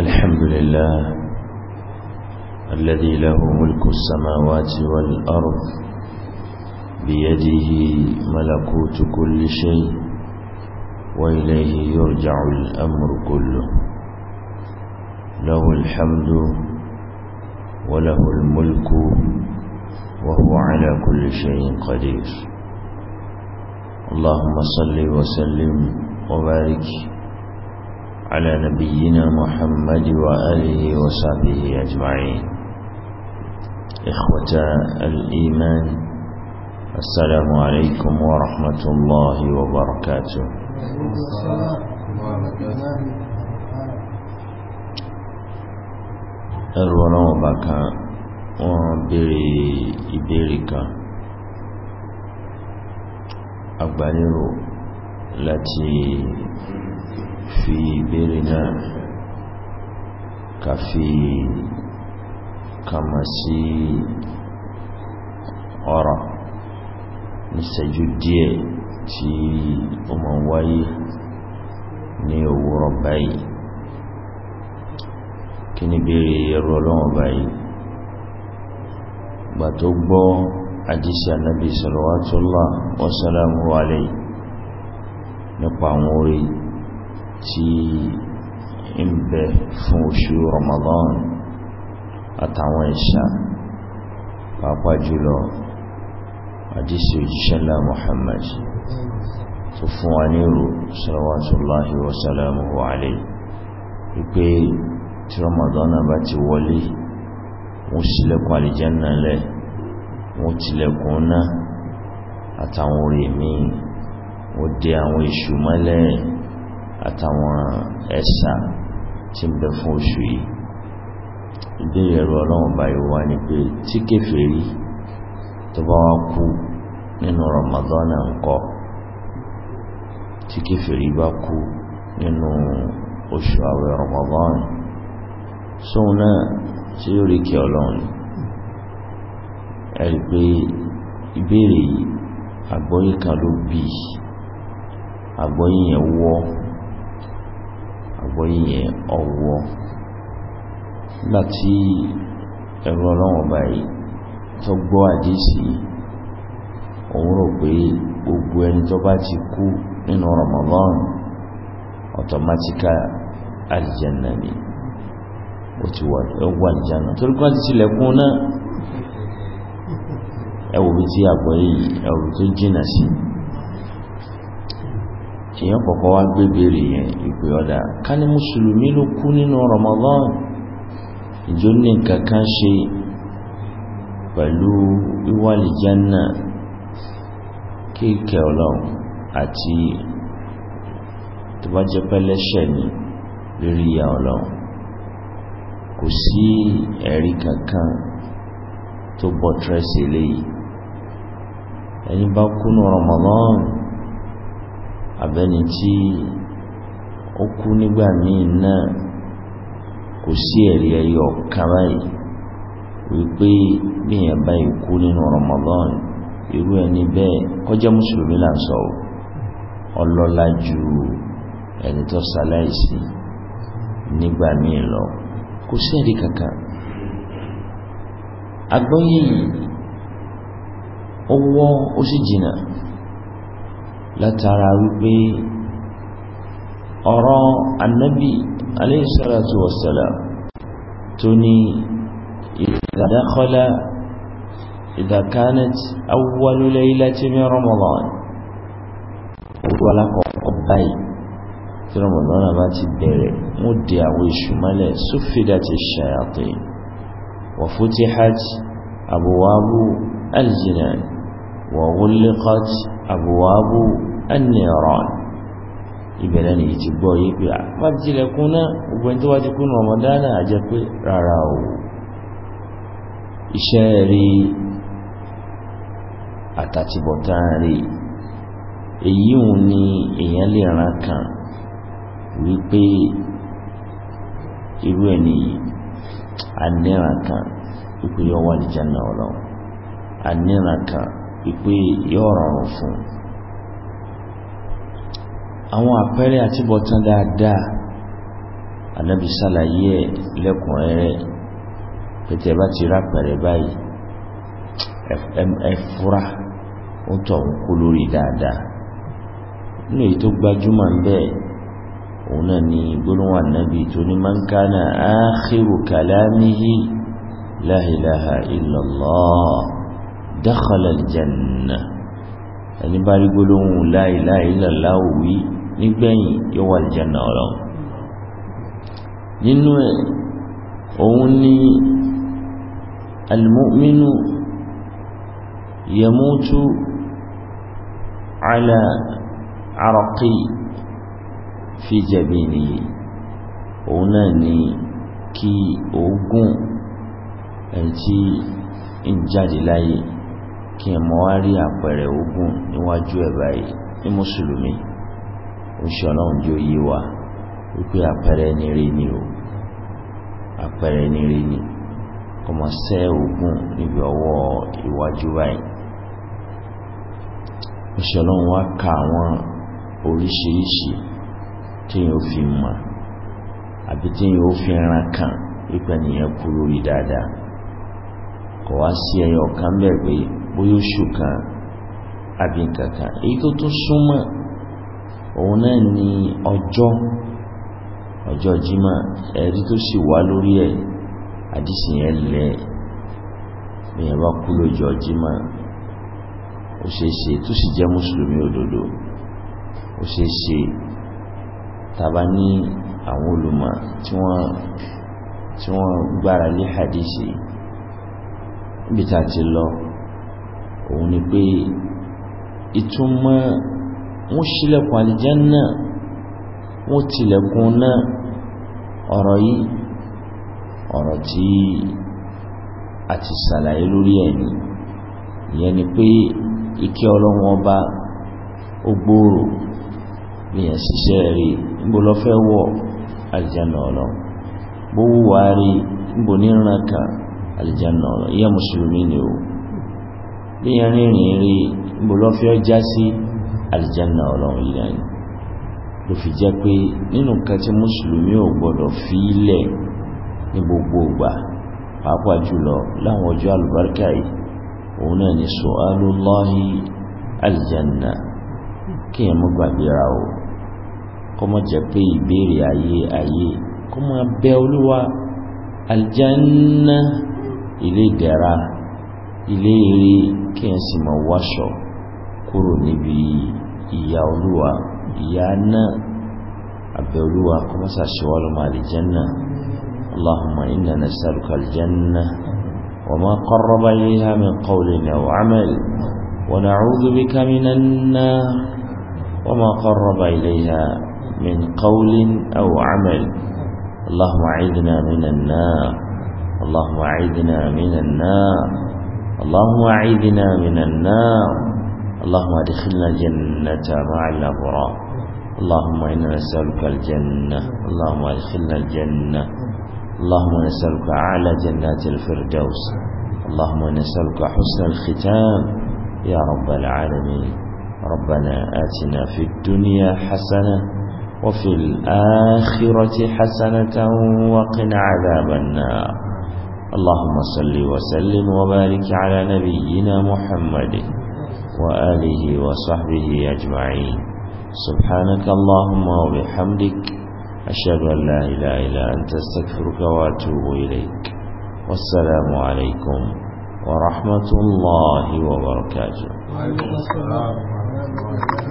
الحمد لله الذي له ملك السماوات والأرض بيده ملكوت كل شيء وإليه يرجع الأمر كله له الحمد وله الملك وهو على كل شيء قدير اللهم صل وسلم وبارك على نبينا محمد وآله وصحبه أجمعين إخوة الإيمان السلام عليكم ورحمة الله وبركاته ẹrùwọ̀n ọba kan wọ́n bèèrè láti fi ìbéèrè náà ká fi kàmà sí ọ̀rọ̀ níṣẹ́jú díẹ̀ tí ó máa wáyé ní òwúrọ̀ báyìí kí ni béèrè ẹ̀rọ ọlọ́wọ̀n báyìí gbà tó gbọ́ àdísì ànábì salawatullah nípa àwọn orí tí ń bẹ fún oṣù Ramadan àtàwọn ìṣà pàápàá jùlọ àdísì òjíṣẹ́lá Muhammad tó fún wa nírò salawatullahi wa salamuhu alayhi wípé tí Ramadan bá ti wọlé wọ́n sílẹ̀kùn àlìjẹ́nà lẹ̀ wọ́n tilẹ̀kùn náà àtàwọn orí míì wọ́n dé àwọn èṣù mọ́lẹ̀ àtàwọn ẹ̀sà tí ń bẹ fún oṣù yìí ìbéèrè ẹ̀rọ ọlọ́run báyìí wá ní pé tí kèfèrí tó bá wá kú nínú ramadana ńkọ́ tí kèfèrí bá kú nínú oṣù àwẹ̀ ramadana sóun náà tí ó rí kí ọlọ́run ẹ̀rí pé ìbéèrè yìí àgbọ́yé kan ló bí i àgbọ́yé yẹn wọ́ àgbọ́yé yẹn ọwọ́ nígbà tí ẹ̀rọ ọlọ́wọ̀n báyìí tó gbọ́ àdísì òun rò pé gbogbo ẹni tó bá ti kú nínú Ramadan ọ̀tọ̀mátíkà àlìjànnà ni ó ti wà lọ́wọ́ àlìjànnà torí kan tilẹ̀kùn náà ẹwò bí tí àgbọ́yé ẹwò tó jìnà sí i tìyẹn kọ̀kọ́ wá gbé béèrè yẹn ìpè ọ̀dà ká ní mùsùlùmí ló kú nínú Ramadan ìjọ ní nǹkan kan ṣe pẹ̀lú wíwálì jẹ́nà kíkẹ́ ọlọ́run àti tó bá jẹ́ pẹ́lẹ́ṣẹ̀ ní lórí ìyá ọlọ́run kò sí ẹ̀rí kankan tó bọ̀ tẹ́rẹsì eléyìí ẹni bá kú nínú Ramadan abẹ́ni tí ó kú nígbà míì náà kò sí ẹ̀rí ẹyọ kan báyìí wípé bíyàn báyìí kú nínú Ramadan irú ẹni bẹ́ẹ̀ kọjá mùsùlùmí là ń sọ ọlọ́lá ju ẹni tó ṣaláìsí nígbà míì lọ kò sí ẹ̀rí kankan agbọ́yé yìí ó wọ́ ó sì jìnnà látara wípé ọ̀rọ̀ annabi aleyhisalatu wassalam tó ní ìdàdákọ́lá ìdàkánat awwalulẹ̀ iláti min Ramadan wọ́lákọ̀ọ́kọ́ báyìí tí Ramadan bá ti bẹ̀rẹ̀ mú dé àwọn ìṣùmọ́lẹ̀ sufidati shayatin wa futihati abuwabu aljinan وغلقت أبواب النيران ìbẹ̀rẹ̀ ni ìtì gbọ́ yí pé àpá ah, tilẹ̀kùn náà ogun tó wá ti kún Ramadana àjẹ́ pé rárá o iṣẹ́ rí àtàtìbọ̀tá rí èyí òun ni èèyàn lè ran kan wípé irú ẹni àníran kan ìpínlẹ̀ wà ní Jánnà ọlọ́run àníran kan ìpè yóò rọrùn fún àwọn àpẹẹrẹ àtibọ̀tán dáadáa ànábì ṣàlàyé ẹ̀ lẹ́kùnrẹ́rẹ́ pété bá ti rà pẹ̀rẹ̀ báyìí ẹ fura ó tọ̀ ń kú lórí dáadáa nínú èyí tó gbajúmọ̀ ń bẹ́ẹ̀ òun náà ni gbólóhùn ànábì tó ní man kana akhiru kalamihi la ilaha illallah dakhala al-janna ẹni bá rí gbólóhùn la ilaha illallah wí nígbẹ̀yìn yóò wà al-janna ọ̀rọ̀ nínú ẹ̀ òun ni al-mu'minu yamutu ala araqi fi jabinihi òun náà ni kí oògùn ẹ̀ tí ń láyé kí n mọ́ wá rí àpẹẹrẹ ogun níwájú ẹ̀ báyìí ní mùsùlùmí ó ṣe ọlọ́run jẹ́ òye wa wípé àpẹẹrẹ ẹni rí ni o àpẹẹrẹ ẹni rí ni ọmọ sẹ́ ogun níbi ọwọ́ iwájú báyìí ó ṣe ọlọ́run wá ka àwọn oríṣiríṣi téèyàn fi mọ̀ àbí téèyàn ó fi ran kan wípé nìyẹn kú lórí dáadáa kò wá sí ẹyọ kan bẹ́ẹ̀ pé bóyá oṣù kan àbí kankan èyí tó tún súnmọ́ òun náà ni ọjọ́ ọjọ́ jimá ẹ̀rí tó sì wá lórí ẹ̀ àdìsí yẹn lẹ̀ èèyàn bá kú lójọ́ jimá ó ṣeé ṣe tó sì jẹ́ mùsùlùmí òdodo ó ṣeé ṣe tàbá ní àwọn olùmọ̀ tí wọ́n tí wọ́n gbára lé hadisi níbi tá a ti lọ òun ni pé ìtumọ̀ wọ́n ṣílẹ̀kùn àlìjánà wọ́n tilẹ̀kùn náà ọ̀rọ̀ yìí ọ̀rọ̀ tí a ti ṣàlàyé lórí ẹ̀yìn ìyẹn ni pé ìkẹ́ ọlọ́run ọba ó gbòòrò bíyẹn ṣiṣẹ́ rí níbo lọ fẹ́ wọ̀ àlìjánà ọlọ́run bó wù wá rí níbo ní ìrànkà àlìjánà ọlọ́run ìyẹn mùsùlùmí ni o. bí yẹn rìnrìn rí ìbòlọ́fẹ́ ọjà sí àlìjáná ọlọ́run yìí náà ló fi jẹ́ pé nínú nǹkan tí mùsùlùmí ò gbọ́dọ̀ fi ilẹ̀ ní gbogbo ìgbà pàápàá jùlọ láwọn ọjọ́ àlùbáríkà yìí òun náà ni su'alullahi aljanna kí èèyàn mú gbàgbéra o kọ́ mọ́ jẹ́ pé ìbéèrè ayé ayé kọ́ mọ́ olúwa ilé ilé rí kí ẹ sì mọ̀ wáṣọ kúrò níbi ìyà olúwa ìyà náà àbẹ̀ olúwa kọmọ́sà ṣíwá lọ́mọ àlìjẹ́nà اللهم إنا نسألك الجنة وما قرب إليها من قول أو عمل ونعوذ بك من النار وما قرب إليها من قول أو عمل اللهم أعذنا من النار اللهم أعذنا من النار اللهم أعيذنا من النار اللهم أدخلنا الجنة مع الأبرار اللهم إنا نسألك الجنة اللهم أدخلنا الجنة اللهم نسألك أعلى جنات الفردوس اللهم نسألك حسن الختام يا رب العالمين ربنا آتنا في الدنيا حسنة وفي الآخرة حسنة وقنا عذاب النار اللهم صل وسلم وبارك على نبينا محمد وآله وصحبه أجمعين سبحانك اللهم وبحمدك أشهد أن لا إله إلا أنت استغفرك وأتوب إليك والسلام عليكم ورحمة الله وبركاته وعليكم السلام ورحمة الله